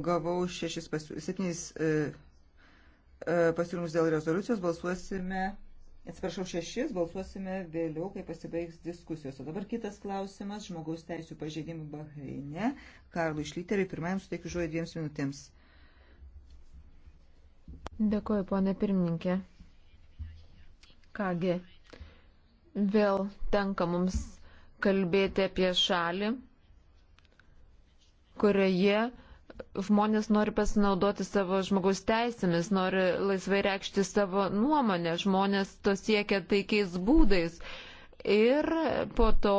gavau šešis pasiūlymus, septynis e, e, pasiūlymus dėl rezoliucijos, balsuosime, atsiprašau, šešis, balsuosime vėliau, kai pasibaigs diskusijos. O dabar kitas klausimas, žmogaus teisų pažeidimų Bahreine. Karlui Šlyteriui pirmajam suteikiu žodį dviems minutėms. Dėkuoju, ponė pirmininkė. Kągi, vėl tenka mums kalbėti apie šalį, kurioje žmonės nori pasinaudoti savo žmogaus teisėmis, nori laisvai reikšti savo nuomonę, žmonės to siekia taikiais būdais. Ir po to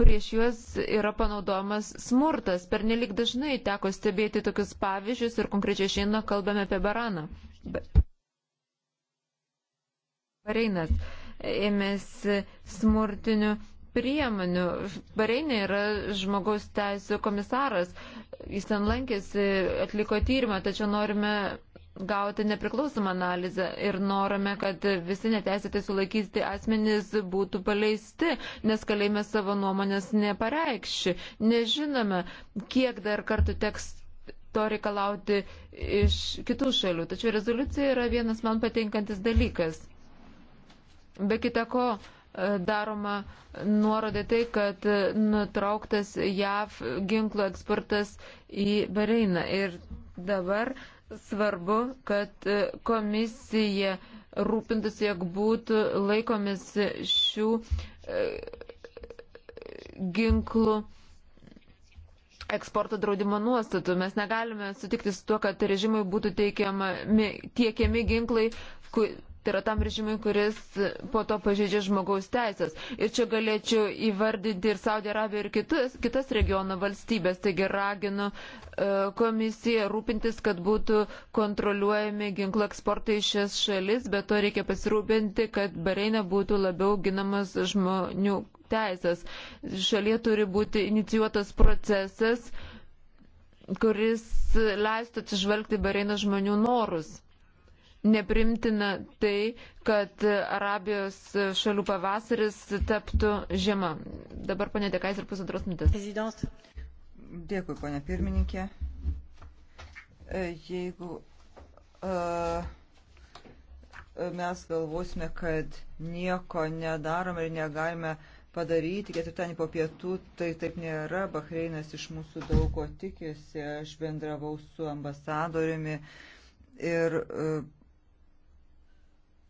prieš juos yra panaudojamas smurtas. Per nelik dažnai teko stebėti tokius pavyzdžius ir konkrečiai šiandien kalbame apie baraną. Bareinas ėmėsi smurtinių priemonių. Bareinė yra žmogaus teisų komisaras. Jis ten lankėsi, atliko tyrimą, tačiau norime gauti nepriklausomą analizę ir norime, kad visi neteisėtai sulaikyti asmenys būtų paleisti, nes kalėjime savo nuomonės nepareikši. Nežinome, kiek dar kartų teks to reikalauti iš kitų šalių. Tačiau rezoliucija yra vienas man patinkantis dalykas. Be kita ko, E, daroma nuorodė tai, kad nutrauktas JAV ginklo eksportas į Bareiną. Ir dabar svarbu, kad komisija rūpintųsi, jog būtų laikomis šių e, ginklų eksporto draudimo nuostatų. Mes negalime sutikti su tuo, kad režimui būtų teikiami, tiekiami ginklai, Tai yra tam režimui, kuris po to pažeidžia žmogaus teisės. Ir čia galėčiau įvardinti ir Saudį Arabiją, ir kitus, kitas regiono valstybės. Taigi raginu e, komisiją rūpintis, kad būtų kontroliuojami ginklų eksportai iš šias šalis, bet to reikia pasirūpinti, kad Bareinė būtų labiau ginamas žmonių teisės. Šalyje turi būti inicijuotas procesas, kuris leistų atsižvelgti Bareino žmonių norus. Neprimtina tai, kad Arabijos šalių pavasaris taptų žiema. Dabar ponė Dekais ir pusantros minutės. Dėkui, ponė pirmininkė. E, jeigu uh, mes galvosime, kad nieko nedarome ir negalime padaryti ketvirtadienį po pietų, tai taip nėra. Bahreinas iš mūsų daug ko tikėsi. Aš bendravau su ambasadoriumi ir uh,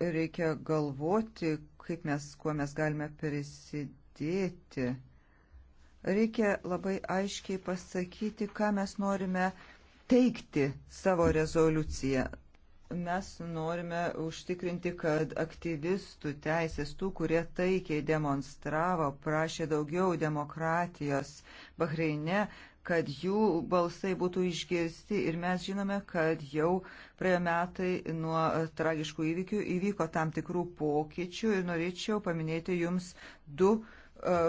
reikia galvoti, kaip mes, kuo mes galime prisidėti. Reikia labai aiškiai pasakyti, ką mes norime teikti savo rezoliuciją. Mes norime užtikrinti, kad aktyvistų teisės tų, kurie taikiai demonstravo, prašė daugiau demokratijos Bahreine, kad jų balsai būtų išgirsti ir mes žinome, kad jau praėjo metai nuo tragiškų įvykių įvyko tam tikrų pokyčių ir norėčiau paminėti jums du uh,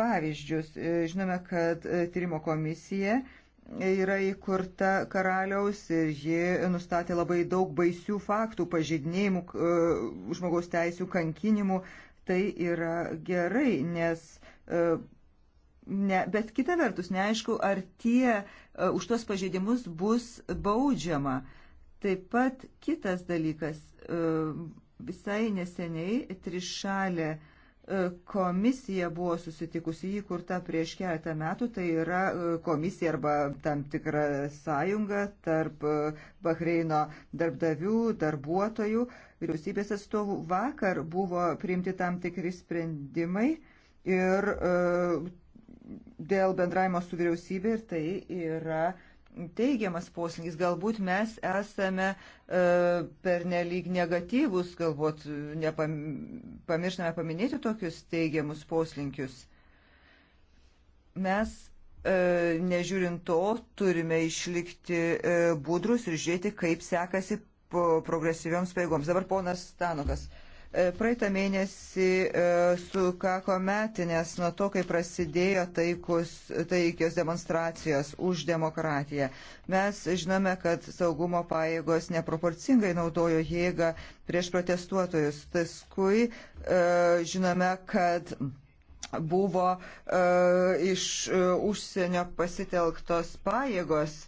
pavyzdžius. E, žinome, kad e, tyrimo komisija yra įkurta karaliaus ir ji nustatė labai daug baisių faktų, pažydinėjimų, žmogaus teisų, kankinimų. Tai yra gerai, nes Ne, bet kita vertus, neaišku, ar tie uh, už tos pažeidimus bus baudžiama. Taip pat kitas dalykas, uh, visai neseniai trišalė uh, komisija buvo susitikusi įkurta prieš keletą metų, tai yra uh, komisija arba tam tikra sąjunga tarp uh, Bahreino darbdavių, darbuotojų, vyriausybės atstovų. Vakar buvo priimti tam tikri sprendimai ir uh, dėl bendravimo su vyriausybė ir tai yra teigiamas poslinkis. Galbūt mes esame e, pernelyg negatyvus, galbūt nepamirštame paminėti tokius teigiamus poslinkius. Mes, e, nežiūrint to, turime išlikti e, budrus ir žiūrėti, kaip sekasi progresyvioms paėgoms. Dabar ponas Stanukas. E, Praeitą mėnesį e, sukako metinės nuo to, kai prasidėjo taikus, taikios demonstracijos už demokratiją. Mes žinome, kad saugumo pajėgos neproporcingai naudojo jėgą prieš protestuotojus. Paskui e, žinome, kad buvo e, iš užsienio pasitelktos pajėgos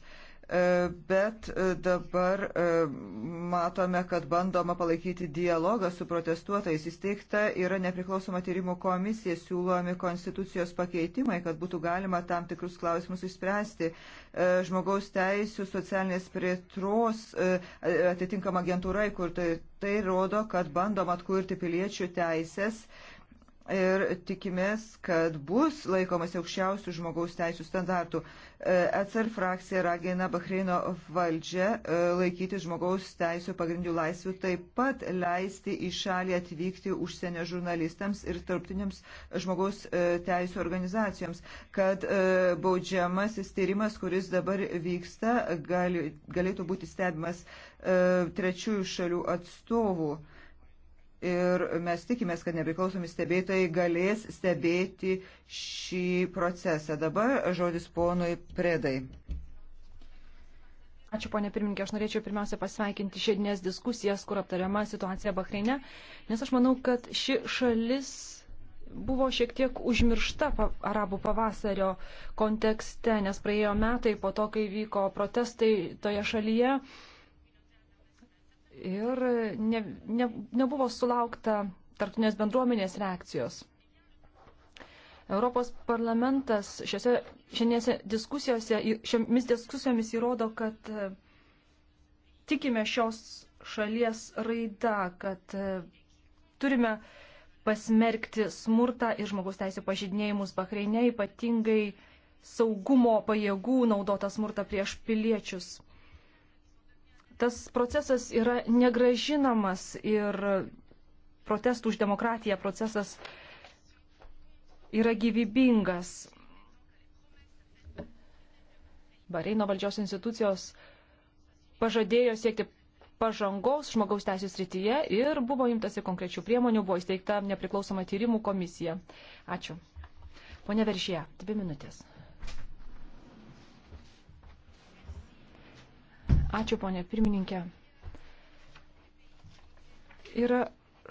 E, bet e, dabar e, matome, kad bandoma palaikyti dialogą su protestuotojais. Įsteigta yra nepriklausoma tyrimų komisija, siūlomi konstitucijos pakeitimai, kad būtų galima tam tikrus klausimus išspręsti. Žmogaus teisų socialinės prietros atitinkama agentūra įkurta. Tai rodo, kad bandoma atkurti piliečių teisės ir tikimės, kad bus laikomas aukščiausių žmogaus teisų standartų. E, ECR frakcija ragina Bahreino valdžią e, laikyti žmogaus teisų pagrindų laisvių, taip pat leisti į šalį atvykti užsienio žurnalistams ir tarptiniams žmogaus e, teisų organizacijoms, kad baudžiamasis tyrimas, kuris dabar vyksta, gali, galėtų būti stebimas trečiųjų šalių atstovų ir mes tikimės, kad nepriklausomi stebėtojai galės stebėti šį procesą. Dabar žodis ponui Predai. Ačiū, ponė pirmininkė. Aš norėčiau pirmiausia pasveikinti šiandienės diskusijas, kur aptariama situacija Bahreine, nes aš manau, kad ši šalis buvo šiek tiek užmiršta arabų pavasario kontekste, nes praėjo metai po to, kai vyko protestai toje šalyje ir ne, ne, nebuvo sulaukta tarptautinės bendruomenės reakcijos. Europos parlamentas šiose, šiandien diskusijose, šiomis diskusijomis įrodo, kad e, tikime šios šalies raida, kad e, turime pasmerkti smurtą ir žmogaus teisų pažydinėjimus Bahreinė, ypatingai saugumo pajėgų naudotą smurtą prieš piliečius tas procesas yra negražinamas ir protestų už demokratiją procesas yra gyvybingas. Bareino valdžios institucijos pažadėjo siekti pažangos žmogaus teisės rytyje ir buvo imtasi konkrečių priemonių, buvo įsteigta nepriklausoma tyrimų komisija. Ačiū. Pone Veržė, dvi minutės. Ačiū, ponė pirmininkė. Yra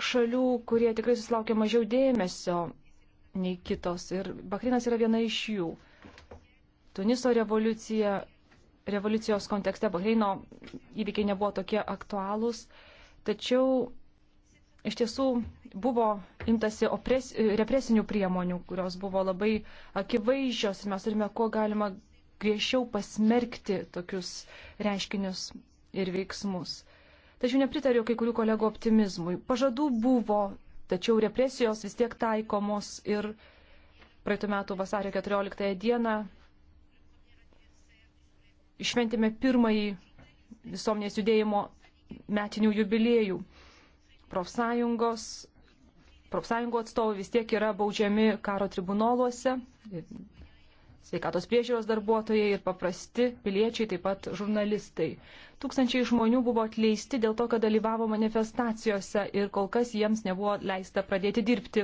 šalių, kurie tikrai susilaukia mažiau dėmesio nei kitos ir Bahreinas yra viena iš jų. Tuniso revoliucija, revoliucijos kontekste Bahreino įvykiai nebuvo tokie aktualūs, tačiau iš tiesų buvo imtasi opres, represinių priemonių, kurios buvo labai akivaizdžios ir mes turime kuo galima griežčiau pasmerkti tokius reiškinius ir veiksmus. Tačiau nepritariu kai kurių kolegų optimizmui. Pažadų buvo, tačiau represijos vis tiek taikomos ir praeitų metų vasario 14 dieną išventėme pirmąjį visuomenės judėjimo metinių jubiliejų. Profsąjungos, profsąjungų atstovai vis tiek yra baudžiami karo tribunoluose, sveikatos priežiūros darbuotojai ir paprasti piliečiai, taip pat žurnalistai. Tūkstančiai žmonių buvo atleisti dėl to, kad dalyvavo manifestacijose ir kol kas jiems nebuvo leista pradėti dirbti.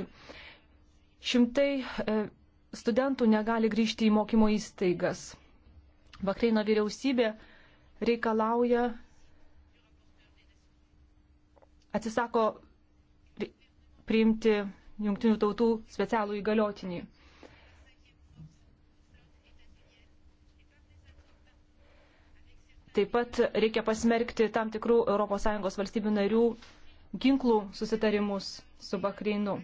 Šimtai e, studentų negali grįžti į mokymo įstaigas. Bahreino vyriausybė reikalauja, atsisako priimti jungtinių tautų specialų įgaliotinį. Taip pat reikia pasmerkti tam tikrų ES valstybių narių ginklų susitarimus su Bahreinu.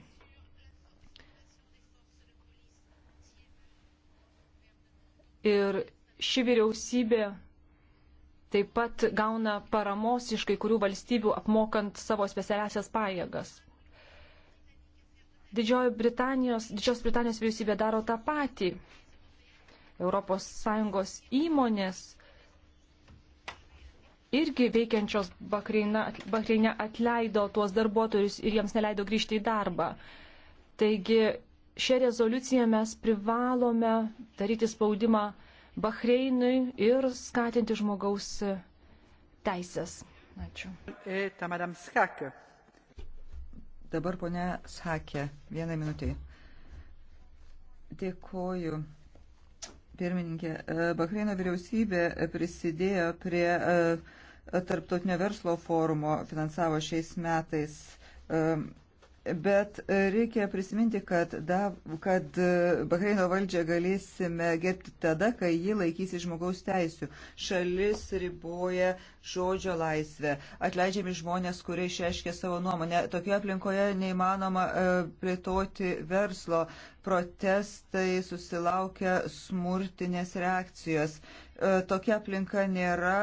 Ir ši vyriausybė taip pat gauna paramos iš kai kurių valstybių apmokant savo specialiasias pajėgas. Didžioji Britanijos, Didžios Britanijos vyriausybė daro tą patį. ES įmonės irgi veikiančios Bahreine atleido tuos darbuotojus ir jiems neleido grįžti į darbą. Taigi šią rezoliuciją mes privalome daryti spaudimą Bahreinui ir skatinti žmogaus teisės. Ačiū. E, Dabar ponia Sakė, vieną minutę. Dėkoju. Pirmininkė, e, Bahreino vyriausybė prisidėjo prie e, tarptautinio verslo forumo, finansavo šiais metais e, Bet e, reikia prisiminti, kad, da, kad e, Bahreino valdžią galėsime gerbti tada, kai ji laikysi žmogaus teisių. Šalis riboja žodžio laisvę. Atleidžiami žmonės, kurie išreiškia savo nuomonę. Tokioje aplinkoje neįmanoma e, plėtoti verslo. Protestai susilaukia smurtinės reakcijos. Tokia aplinka nėra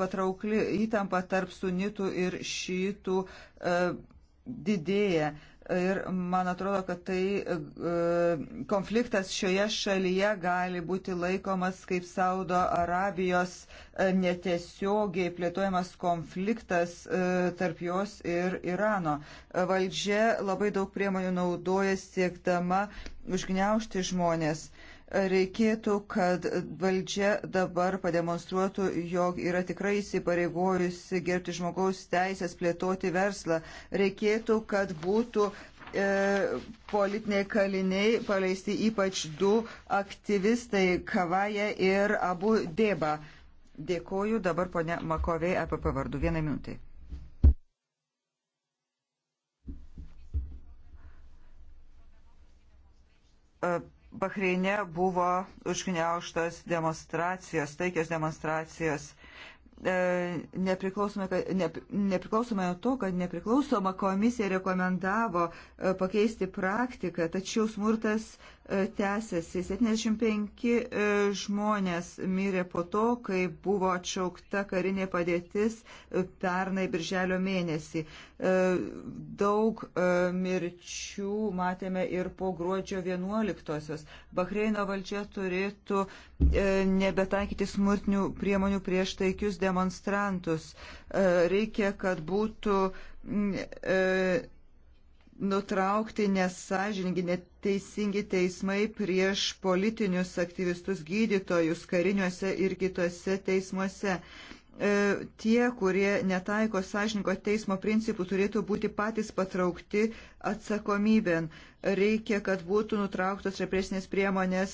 patraukli įtampa tarp sunitų ir šytų didėja. Ir man atrodo, kad tai e, konfliktas šioje šalyje gali būti laikomas kaip Saudo Arabijos e, netiesiogiai plėtojamas konfliktas e, tarp jos ir Irano. Valdžia labai daug priemonių naudoja siekdama užgneušti žmonės reikėtų, kad valdžia dabar pademonstruotų, jog yra tikrai įsipareigojusi gerbti žmogaus teisės, plėtoti verslą. Reikėtų, kad būtų e, politiniai kaliniai paleisti ypač du aktyvistai Kavaja ir Abu Deba. Dėkoju dabar ponia Makovė apie pavardų. Vieną minutę. Uh, e, Bahreine buvo užgniauštos demonstracijos, taikios demonstracijos. E, nepriklausomai, ne, nepriklausomai nuo to, kad nepriklausoma komisija rekomendavo e, pakeisti praktiką, tačiau smurtas E, tęsiasi. 75 e, žmonės mirė po to, kai buvo atšaukta karinė padėtis e, pernai birželio mėnesį. Daug mirčių matėme ir po gruodžio 11-osios. Bahreino valdžia turėtų nebetaikyti smurtinių priemonių prieš taikius demonstrantus. Reikia, kad būtų nutraukti nesažiningi, neteisingi teismai prieš politinius aktyvistus, gydytojus, kariniuose ir kitose teismuose. E, tie, kurie netaiko sąžininko teismo principų, turėtų būti patys patraukti atsakomybėn. Reikia, kad būtų nutrauktos represinės priemonės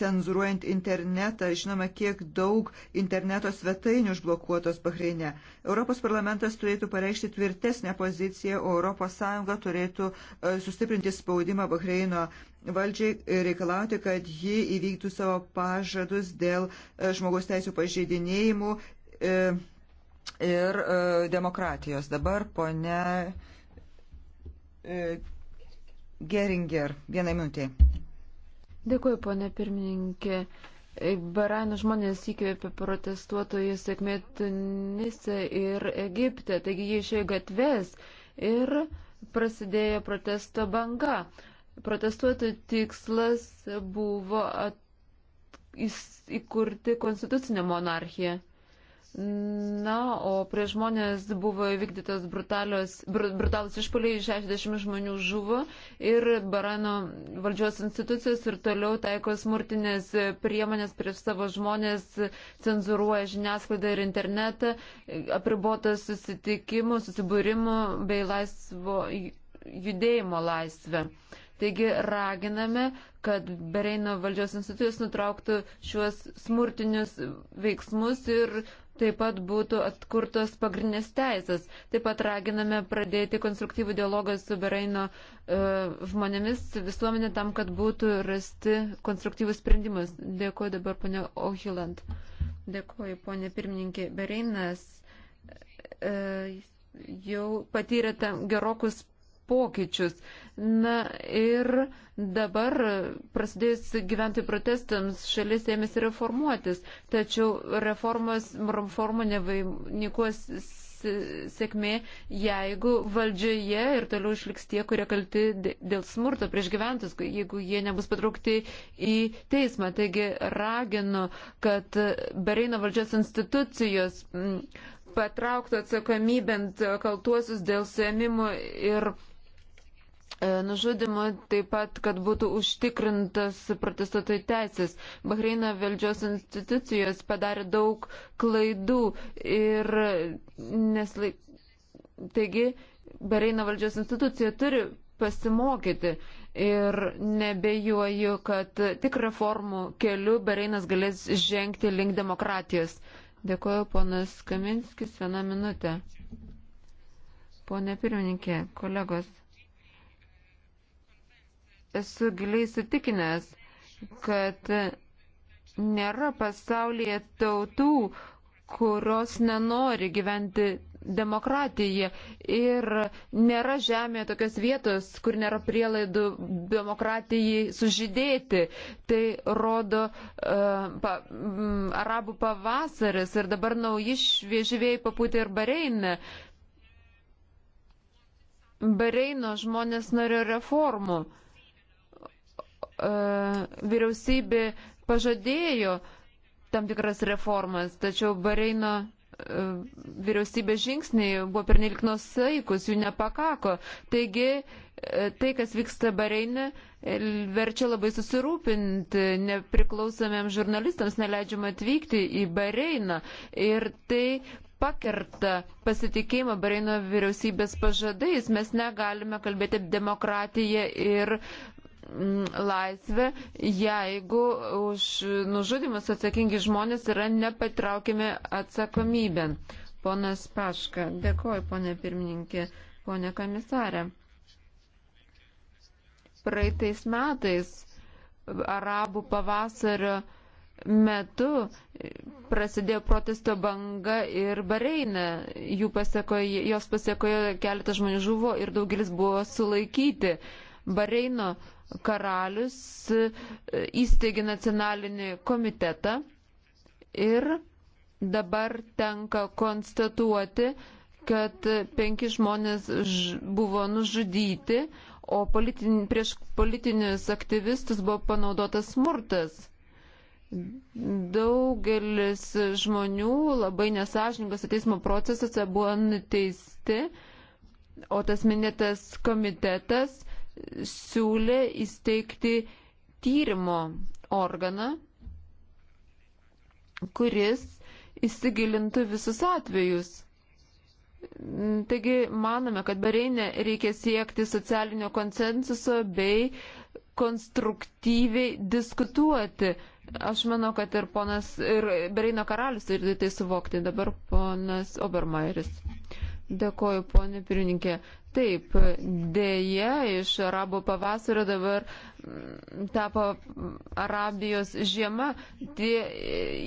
cenzuruojant internetą. Žinoma, kiek daug interneto svetainių užblokuotos Bahreine. Europos parlamentas turėtų pareikšti tvirtesnę poziciją, o ES turėtų e, sustiprinti spaudimą Bahreino valdžiai reikalauti, kad ji įvyktų savo pažadus dėl e, žmogaus teisų pažeidinėjimų e, ir demokratijos. Dabar, ponia. E, Geringer, vienai minutė. Dėkuoju, ponė pirmininkė. E, Baranų žmonės įkvėpė protestuotojų sėkmė Tunise ir Egipte, taigi jie išėjo gatves ir prasidėjo protesto banga. Protestuotojų tikslas buvo at... įkurti konstitucinę monarchiją. Na, o prie žmonės buvo įvykdytas brutalus išpoliai, 60 žmonių žuvo ir Barano valdžios institucijos ir toliau taiko smurtinės priemonės prieš savo žmonės, cenzuruoja žiniasklaidą ir internetą, apribotas susitikimų, susibūrimų bei laisvo judėjimo laisvę. Taigi raginame, kad Bereino valdžios institucijos nutrauktų šiuos smurtinius veiksmus ir taip pat būtų atkurtos pagrindinės teisės. Taip pat raginame pradėti konstruktyvų dialogą su Beraino uh, e, žmonėmis, visuomenė tam, kad būtų rasti konstruktyvus sprendimus. Dėkuoju dabar, ponė Ohiland. Dėkuoju, ponė pirmininkė. Bereinas uh, e, jau patyrė gerokus pokyčius. Na ir dabar prasidėjus gyventojų protestams šalis ėmėsi reformuotis, tačiau reformos, reformų nevainikuos sėkmė, jeigu valdžioje ir toliau išliks tie, kurie kalti dėl smurto prieš gyventus, jeigu jie nebus patraukti į teismą. Taigi raginu, kad Bareino valdžios institucijos patrauktų atsakomybent kaltuosius dėl suėmimų ir E, nužudimu, taip pat, kad būtų užtikrintas protestuotojų teisės. Bahreino valdžios institucijos padarė daug klaidų ir neslaik. Taigi, Bahreino valdžios institucija turi pasimokyti ir nebejuoju, kad tik reformų keliu Bahreinas galės žengti link demokratijos. Dėkuoju, ponas Kaminskis, vieną minutę. Pone pirmininkė, kolegos esu giliai sutikinęs, kad nėra pasaulyje tautų, kurios nenori gyventi demokratiją ir nėra žemėje tokios vietos, kur nėra prielaidų demokratijai sužydėti. Tai rodo uh, pa, m, arabų pavasaris ir dabar nauji šviežyviai papūtė ir bareinė. Bareino žmonės norėjo reformų. Uh, E, vyriausybė pažadėjo tam tikras reformas, tačiau Bareino e, vyriausybės žingsniai buvo pernelik nusaikus, jų nepakako. Taigi e, tai, kas vyksta Bareinė, verčia labai susirūpinti. Nepriklausomiems žurnalistams neleidžiama atvykti į Bareiną. Ir tai pakerta pasitikėjimą Bareino vyriausybės pažadais. Mes negalime kalbėti demokratiją ir laisvę, jeigu už nužudimus atsakingi žmonės yra nepatraukiami atsakomybėn. Ponas Paška, dėkoju, ponė pirmininkė, ponė komisarė. Praeitais metais arabų pavasario metu prasidėjo protesto banga ir Bareinė. Pasiekoje, jos pasiekoje keletas žmonių žuvo ir daugelis buvo sulaikyti. Bareino karalius e, įsteigė nacionalinį komitetą ir dabar tenka konstatuoti, kad penki žmonės buvo nužudyti, o politin, prieš politinius aktyvistus buvo panaudotas smurtas. Daugelis žmonių labai nesažininkose teismo procesuose buvo nuteisti, o tas minėtas komitetas siūlė įsteigti tyrimo organą, kuris įsigilintų visus atvejus. Taigi manome, kad Bareinė reikia siekti socialinio konsensuso bei konstruktyviai diskutuoti. Aš manau, kad ir ponas, ir Bereino karalius turi tai suvokti, dabar ponas Obermairis. Dėkoju, ponė pirininkė. Taip, dėje iš arabo pavasario dabar mm, tapo Arabijos žiema. Tie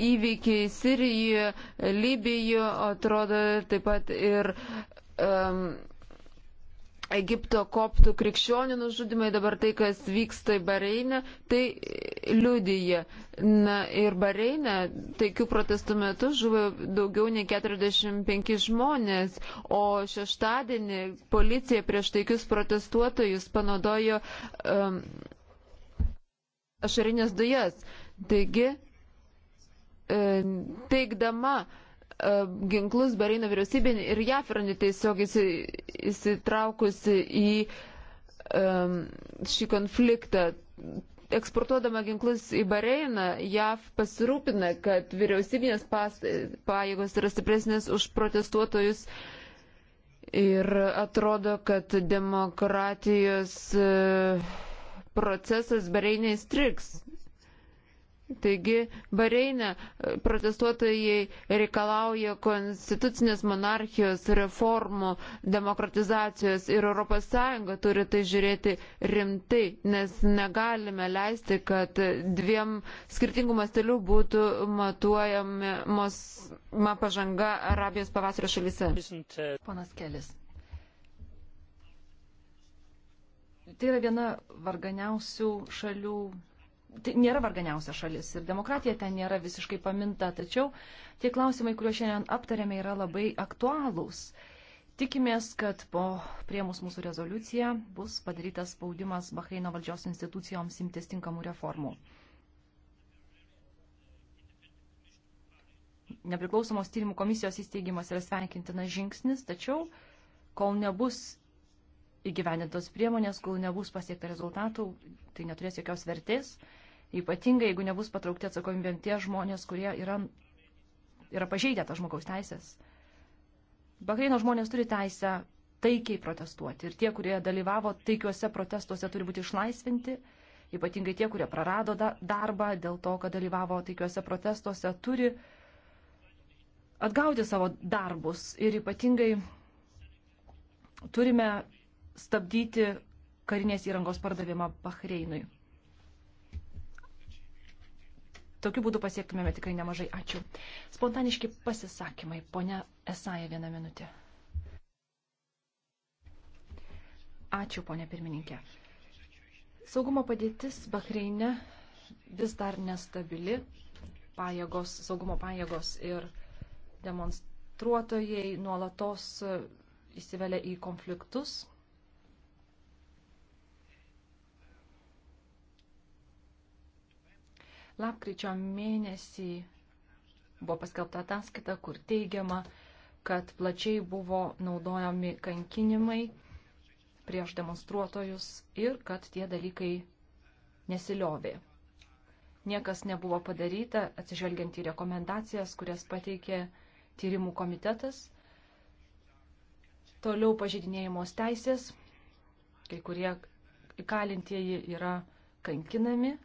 įvykiai Sirijoje, Libijoje, atrodo taip pat ir. Um, Egipto koptų krikščionių nužudimai, dabar tai, kas vyksta į Bareinę, tai liudyje. Na ir Bareinė taikių protestų metu žuvo daugiau nei 45 žmonės, o šeštadienį policija prieš taikius protestuotojus panaudojo um, ašarinės dujas. Taigi, e, teikdama ginklus Bareino vyriausybė ir JAF yra netiesiog įsitraukusi į šį konfliktą. Eksportuodama ginklus į Bareiną, JAV pasirūpina, kad vyriausybinės pajėgos yra stipresnės už protestuotojus ir atrodo, kad demokratijos e, procesas Bareinė įstriks. Taigi Bareinė e, protestuotojai reikalauja konstitucinės monarchijos reformų, demokratizacijos ir ES turi tai žiūrėti rimtai, nes negalime leisti, kad dviem skirtingų mastelių būtų matuojama pažanga Arabijos pavasario šalyse. Ponas Kelis. Tai yra viena varganiausių šalių tai nėra varganiausia šalis ir demokratija ten nėra visiškai paminta, tačiau tie klausimai, kuriuos šiandien aptarėme, yra labai aktualūs. Tikimės, kad po priemus mūsų rezoliuciją bus padarytas spaudimas Bahreino valdžios institucijoms imtis tinkamų reformų. Nepriklausomos tyrimų komisijos įsteigimas yra sveikintinas žingsnis, tačiau kol nebus įgyvendintos priemonės, kol nebus pasiekta rezultatų, tai neturės jokios vertės. Ypatingai, jeigu nebus patraukti atsakomybėm tie žmonės, kurie yra, yra pažeidę tą žmogaus teisės. Bahreino žmonės turi teisę taikiai protestuoti ir tie, kurie dalyvavo taikiuose protestuose, turi būti išlaisvinti. Ypatingai tie, kurie prarado da darbą dėl to, kad dalyvavo taikiuose protestuose, turi atgauti savo darbus ir ypatingai turime stabdyti karinės įrangos pardavimą Bahreinui tokiu būdu pasiektumėme tikrai nemažai. Ačiū. Spontaniški pasisakymai. Pone Esaja, vieną minutę. Ačiū, ponė pirmininkė. Saugumo padėtis Bahreine vis dar nestabili. Pajėgos, saugumo pajėgos ir demonstruotojai nuolatos įsivelia į konfliktus Lapkričio mėnesį buvo paskelbta ataskaita, kur teigiama, kad plačiai buvo naudojami kankinimai prieš demonstruotojus ir kad tie dalykai nesiliovė. Niekas nebuvo padaryta, atsižvelgiant į rekomendacijas, kurias pateikė tyrimų komitetas. Toliau pažydinėjimos teisės, kai kurie įkalintieji yra kankinami,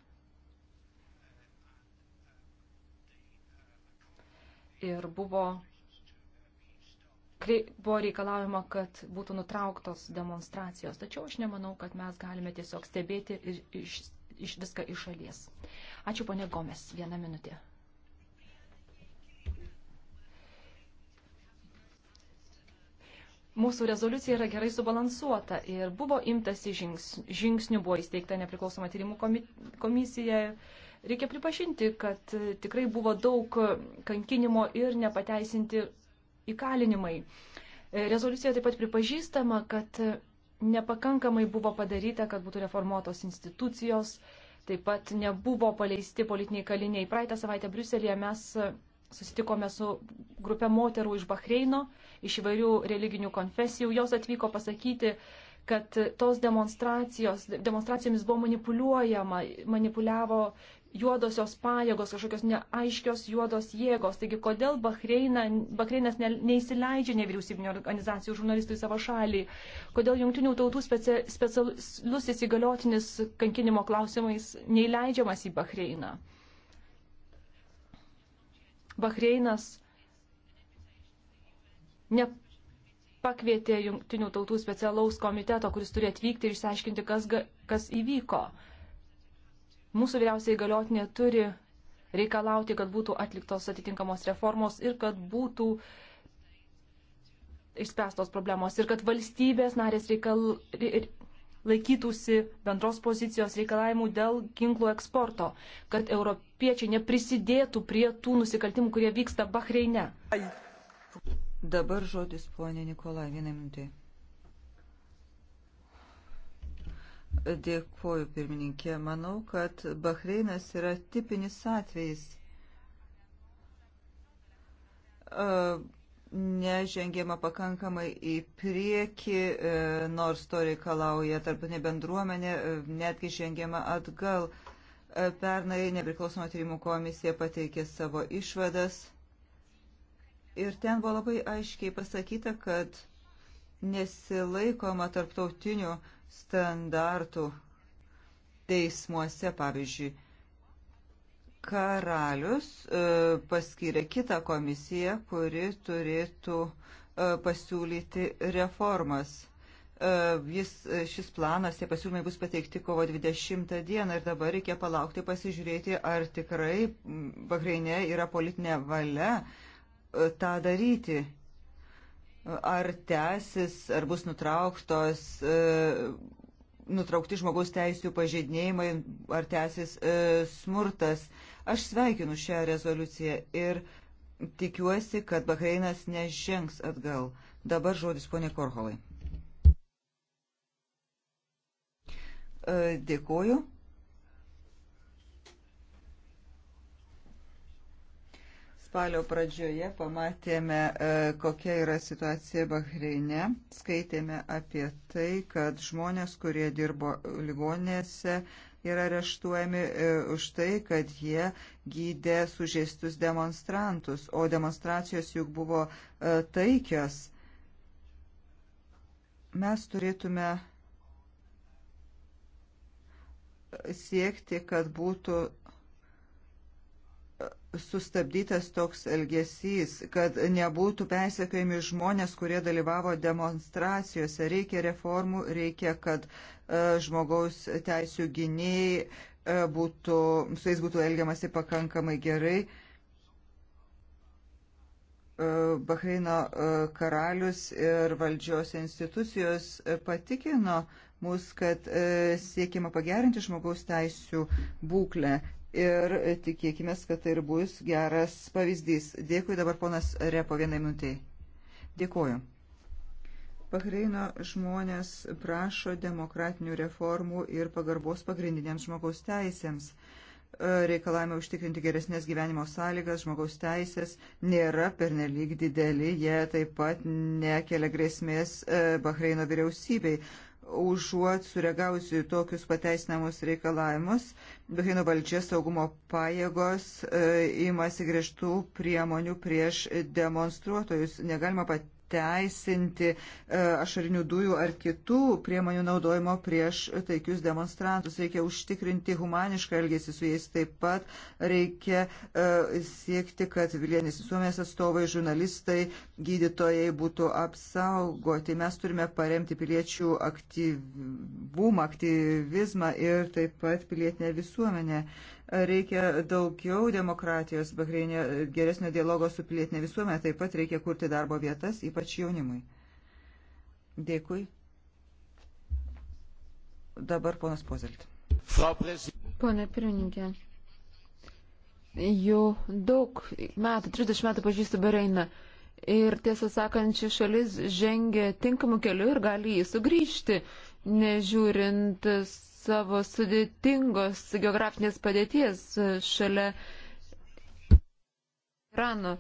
ir buvo, buvo reikalaujama, kad būtų nutrauktos demonstracijos. Tačiau aš nemanau, kad mes galime tiesiog stebėti ir iš, iš viską iš šalies. Ačiū, ponė Gomes. Vieną minutę. Mūsų rezoliucija yra gerai subalansuota ir buvo imtasi žingsnių, buvo įsteigta nepriklausoma tyrimų komisija, Reikia pripažinti, kad e, tikrai buvo daug e, kankinimo ir nepateisinti įkalinimai. E, rezoliucija taip pat pripažįstama, kad nepakankamai buvo padaryta, kad būtų reformuotos institucijos, taip pat nebuvo paleisti politiniai kaliniai. Praeitą savaitę Briuselėje mes susitikome su grupė moterų iš Bahreino, iš įvairių religinių konfesijų. Jos atvyko pasakyti, kad tos demonstracijos, demonstracijomis buvo manipuliuojama, manipuliavo juodosios pajėgos, kažkokios neaiškios juodos jėgos. Taigi, kodėl Bahreina, Bahreinas ne, neįsileidžia nevyriausybinio organizacijų žurnalistų į savo šalį? Kodėl jungtinių tautų speci, specialus įsigaliotinis kankinimo klausimais neįleidžiamas į Bahreiną? Bahreinas nepakvietė jungtinių tautų specialaus komiteto, kuris turi atvykti ir išsiaiškinti, kas, kas įvyko. Mūsų vyriausiai galiotinė turi reikalauti, kad būtų atliktos atitinkamos reformos ir kad būtų išspręstos problemos ir kad valstybės narės reikal, laikytųsi bendros pozicijos reikalavimų dėl ginklų eksporto, kad europiečiai neprisidėtų prie tų nusikaltimų, kurie vyksta Bahreine. Dabar žodis ponė Nikolai, vienai minutė. Dėkuoju, pirmininkė. Manau, kad Bahreinas yra tipinis atvejis. Nežengiama pakankamai į priekį, e, nors to reikalauja tarptautinė bendruomenė, e, netgi žengiama atgal. E, pernai nepriklausoma tyrimų komisija pateikė savo išvadas. Ir ten buvo labai aiškiai pasakyta, kad nesilaikoma tarptautinių uh, standartų teismuose, pavyzdžiui, karalius e, paskyrė kitą komisiją, kuri turėtų e, pasiūlyti reformas. E, jis, šis planas, tie pasiūlymai bus pateikti kovo 20 dieną ir dabar reikia palaukti pasižiūrėti, ar tikrai Bahreinė yra politinė valia tą daryti ar tęsis, ar bus nutrauktos, e, nutraukti žmogaus teisų pažeidinėjimai, ar tęsis e, smurtas. Aš sveikinu šią rezoliuciją ir tikiuosi, kad Bahreinas nežengs atgal. Dabar žodis ponė Korholai. E, Dėkuoju. Spalio pradžioje pamatėme, e, kokia yra situacija Bahreine. Skaitėme apie tai, kad žmonės, kurie dirbo ligonėse, yra areštuojami e, už tai, kad jie gydė sužeistus demonstrantus, o demonstracijos juk buvo e, taikios. Mes turėtume siekti, kad būtų sustabdytas toks elgesys, kad nebūtų persekiojami žmonės, kurie dalyvavo demonstracijose. Reikia reformų, reikia, kad e, žmogaus teisų gynėjai e, būtų, su jais būtų elgiamasi pakankamai gerai. E, Bahreino karalius ir valdžios institucijos patikino mus, kad siekima pagerinti žmogaus teisų būklę ir tikėkime, kad tai ir bus geras pavyzdys. Dėkui dabar ponas Repo vienai minutiai. Dėkuoju. Bahreino žmonės prašo demokratinių reformų ir pagarbos pagrindiniams žmogaus teisėms. E, reikalavimai užtikrinti geresnės gyvenimo sąlygas, žmogaus teisės nėra pernelyg dideli, jie taip pat nekelia grėsmės e, Bahreino vyriausybei užuot sureagavusi į tokius pateisinamus reikalavimus, Bahreino valdžia saugumo pajėgos e, imasi griežtų priemonių prieš demonstruotojus. Negalima pat pateisinti e, ašarinių dujų ar kitų priemonių naudojimo prieš taikius demonstrantus. Reikia užtikrinti humanišką elgesį su jais. Taip pat reikia e, siekti, kad vilienis visuomenės atstovai, žurnalistai, gydytojai būtų apsaugoti. Mes turime paremti piliečių aktyvumą, aktyvizmą ir taip pat pilietinę visuomenę reikia daugiau demokratijos Bahreinė, geresnio dialogo su pilietinė visuomenė, taip pat reikia kurti darbo vietas, ypač jaunimui. Dėkui. Dabar ponas Pozelt. Pone pirmininkė, jau daug metų, 30 metų pažįstu Bahreiną. Ir tiesą sakant, ši šalis žengia tinkamu keliu ir gali jį sugrįžti, nežiūrintis savo sudėtingos geografinės padėties e, šalia Irano.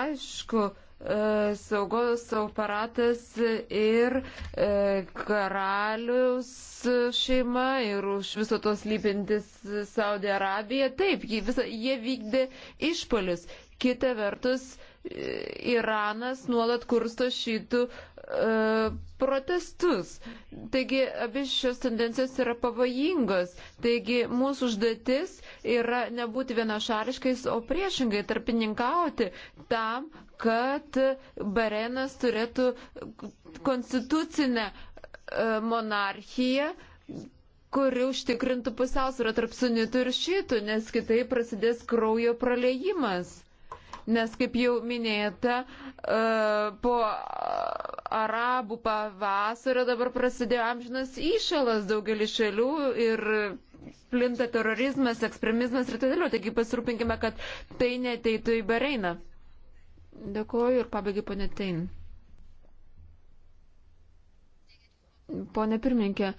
Aišku, e, saugos aparatas ir e, karalius šeima ir už viso tos lypintis Saudė Arabija. Taip, jie, visa, jie vykdė išpolius. Kita vertus, Iranas nuolat kursto šitų e, protestus. Taigi abi šios tendencijos yra pavojingos. Taigi mūsų užduotis yra nebūti vienašariškais, o priešingai tarpininkauti tam, kad Barenas turėtų konstitucinę e, monarchiją, kuri užtikrintų pusiausvyrą tarp sunitų ir šitų, nes kitaip prasidės kraujo praleimas nes, kaip jau minėta, e, po arabų pavasario dabar prasidėjo amžinas įšalas daugelį šalių ir plinta terorizmas, ekstremizmas ir taip toliau. Taigi pasirūpinkime, kad tai neteitų į Bareiną. Dėkuoju ir pabaigai ponė Tein. Pone pirmininkė,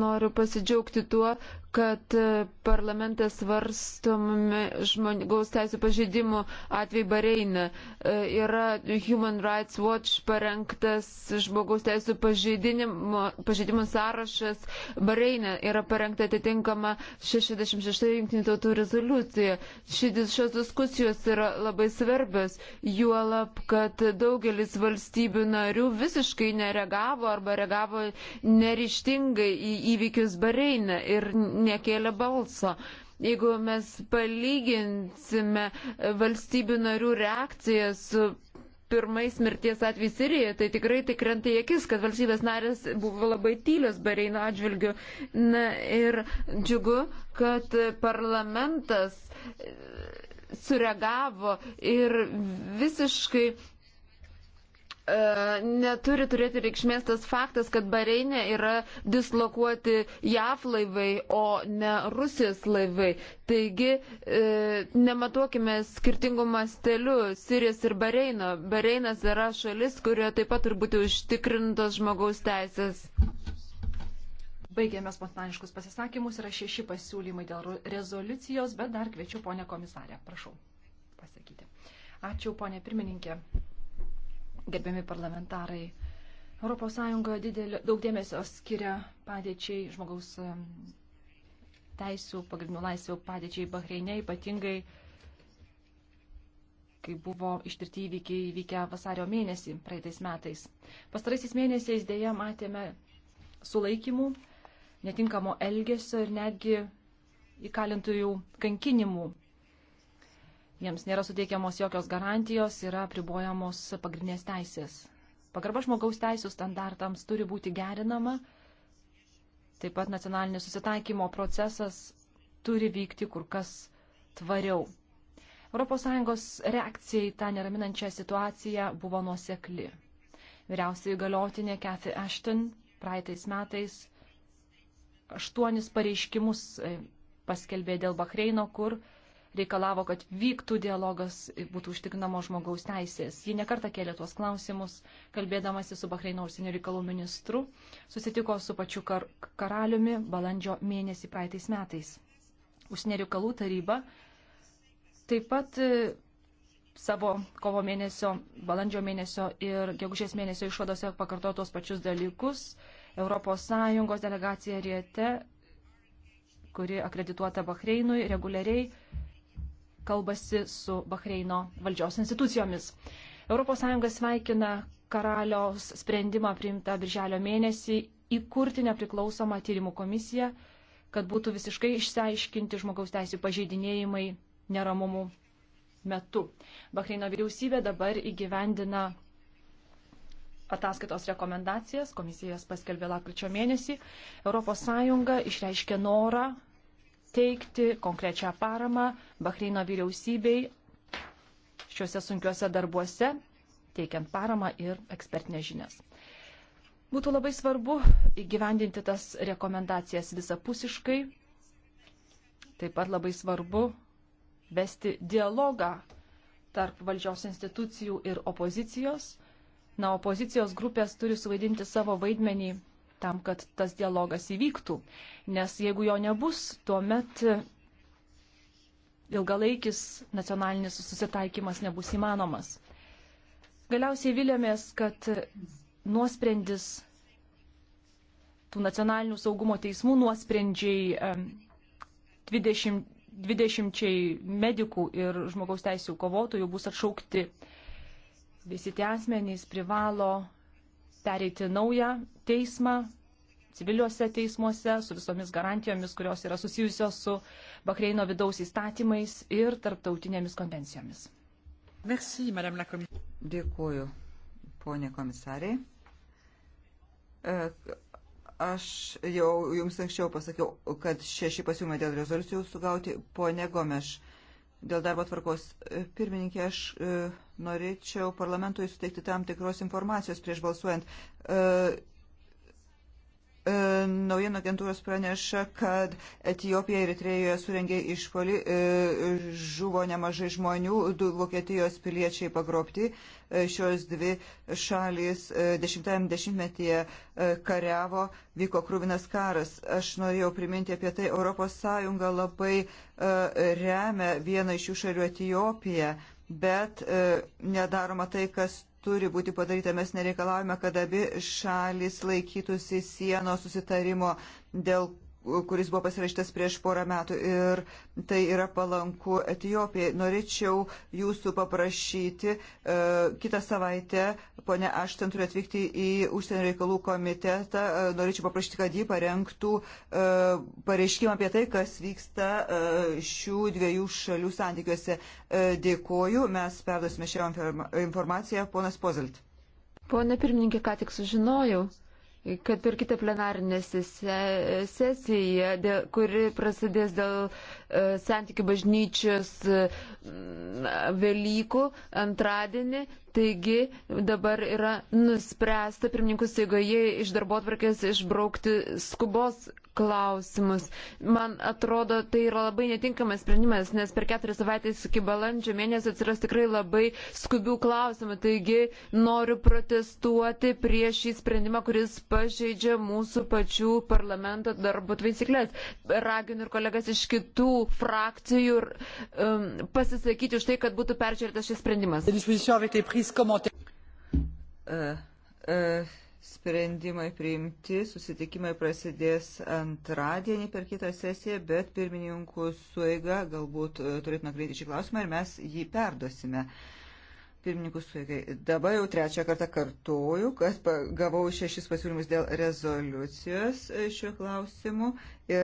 noriu pasidžiaugti tuo, kad e, parlamentas svarstomame žmogaus teisų pažeidimų atveju Bareina. E, yra Human Rights Watch parengtas žmogaus teisų pažeidimų sąrašas. Bareina yra parengta atitinkama 66 jungtinių tautų rezoliucija. Šis, šios diskusijos yra labai svarbios, juolab, kad daugelis valstybių narių visiškai nereagavo arba reagavo neryštingai į įvykius Bareina. Ir nekėlė balso. Jeigu mes palyginsime valstybių narių reakciją su pirmais mirties atvejais Sirijoje, tai tikrai tai krenta į akis, kad valstybės narės buvo labai tylios Bareino atžvilgių. Na ir džiugu, kad parlamentas sureagavo ir visiškai E, neturi turėti reikšmės tas faktas, kad Bareinė yra dislokuoti JAF laivai, o ne Rusijos laivai. Taigi e, nematuokime skirtingų mastelių Sirijos ir Bareino. Bareinas yra šalis, kurioje taip pat turi būti užtikrintos žmogaus teisės. Baigėme spontaniškus pasisakymus, yra šeši pasiūlymai dėl rezoliucijos, bet dar kviečiu ponę komisarę. Prašau pasakyti. Ačiū, ponė pirmininkė gerbiami parlamentarai. ES didelio, daug dėmesio skiria padėčiai žmogaus teisų, pagrindinių laisvių padėčiai Bahreinė, ypatingai kai buvo ištirti įvykiai įvykę vasario mėnesį praeitais metais. Pastaraisiais mėnesiais dėja matėme sulaikymų, netinkamo elgesio ir netgi įkalintųjų kankinimų jiems nėra suteikiamos jokios garantijos, yra pribojamos pagrindinės teisės. Pagarba žmogaus teisų standartams turi būti gerinama, taip pat nacionalinis susitaikymo procesas turi vykti kur kas tvariau. ES reakcija į tą neraminančią situaciją buvo nuosekli. Vyriausiai galiotinė Kathy Ashton praeitais metais aštuonis pareiškimus e, paskelbė dėl Bahreino, kur reikalavo, kad vyktų dialogas, būtų užtikrinamos žmogaus teisės. Ji nekarta kėlė tuos klausimus, kalbėdamasi su Bahreino užsienio reikalų ministru, susitiko su pačiu kar karaliumi balandžio mėnesį praeitais metais. Užsienio reikalų taryba taip pat e, savo kovo mėnesio, balandžio mėnesio ir gegužės mėnesio išvadose pakartojo tuos pačius dalykus. ES delegacija Riete, kuri akredituota Bahreinui, reguliariai kalbasi su Bahreino valdžios institucijomis. ES sveikina karaliaus sprendimą priimtą birželio mėnesį įkurti nepriklausomą tyrimų komisiją, kad būtų visiškai išsiaiškinti žmogaus teisų pažeidinėjimai neramumų metu. Bahreino vyriausybė dabar įgyvendina ataskaitos rekomendacijas, komisijas paskelbė lakryčio mėnesį. ES išreiškė norą teikti konkrečią paramą Bahreino vyriausybei šiuose sunkiuose darbuose, teikiant paramą ir ekspertinės žinias. Būtų labai svarbu įgyvendinti tas rekomendacijas visapusiškai. Taip pat labai svarbu vesti dialogą tarp valdžios institucijų ir opozicijos. Na, opozicijos grupės turi suvaidinti savo vaidmenį tam, kad tas dialogas įvyktų. Nes jeigu jo nebus, tuomet ilgalaikis nacionalinis susitaikymas nebus įmanomas. Galiausiai vilėmės, kad nuosprendis tų nacionalinių saugumo teismų nuosprendžiai 20, 20 medikų ir žmogaus teisų kovotojų bus atšaukti. Visi tie asmenys privalo pereiti naują teismą civiliuose teismuose su visomis garantijomis, kurios yra susijusios su Bahreino vidaus įstatymais ir tarptautinėmis konvencijomis. Merci, Dėkuoju, ponė komisarė. E, aš jau jums anksčiau pasakiau, kad šeši pasiūlymai dėl rezoliucijų sugauti. Pone Gomeš, dėl darbo tvarkos. E, pirmininkė, aš e, norėčiau parlamentui suteikti tam tikros informacijos prieš balsuojant. E, E, naujienų agentūros praneša, kad Etijopija ir Itrejoje surengė išpolį, e, žuvo nemažai žmonių, du Vokietijos piliečiai pagrobti. E, šios dvi šalys dešimtajam dešimtmetyje kariavo, vyko krūvinas karas. Aš norėjau priminti apie tai, ES labai remia vieną iš šių šalių Etijopiją, bet nedaroma tai, kas turi būti padaryta. Mes nereikalavome, kad abi šalis laikytųsi sieno susitarimo, dėl kuris buvo pasirašytas prieš porą metų ir tai yra palanku Etijopijai. Norėčiau jūsų paprašyti, e, kitą savaitę ponia Ašten turi atvykti į užsienio reikalų komitetą, e, norėčiau paprašyti, kad ji parengtų e, pareiškimą apie tai, kas vyksta šių dviejų šalių santykiuose. Dėkoju, mes perduosime šią informaciją, ponas Pozelt. Pone pirmininkė, ką tik sužinojau, kad per kitą plenarinę sesiją, kuri prasidės dėl e, santykių bažnyčios Velykų antradienį, Taigi dabar yra nuspręsta pirmininkus eigoje iš darbo atvarkės išbraukti skubos klausimus. Man atrodo, tai yra labai netinkamas sprendimas, nes per keturias savaitės iki balandžio mėnesio atsiras tikrai labai skubių klausimų. Taigi noriu protestuoti prieš šį sprendimą, kuris pažeidžia mūsų pačių parlamento darbo taisyklės. Raginu ir kolegas iš kitų frakcijų um, pasisakyti už tai, kad būtų peržiūrėtas šis sprendimas. E, e, sprendimai priimti, susitikimai prasidės antradienį per kitą sesiją, bet pirmininkų suiga galbūt e, turėtume kreipti šį klausimą ir mes jį perdosime pirmininkų suėgai. Dabar jau trečią kartą kartuoju, kad gavau šešis pasiūlymus dėl rezoliucijos šiuo klausimu. Ir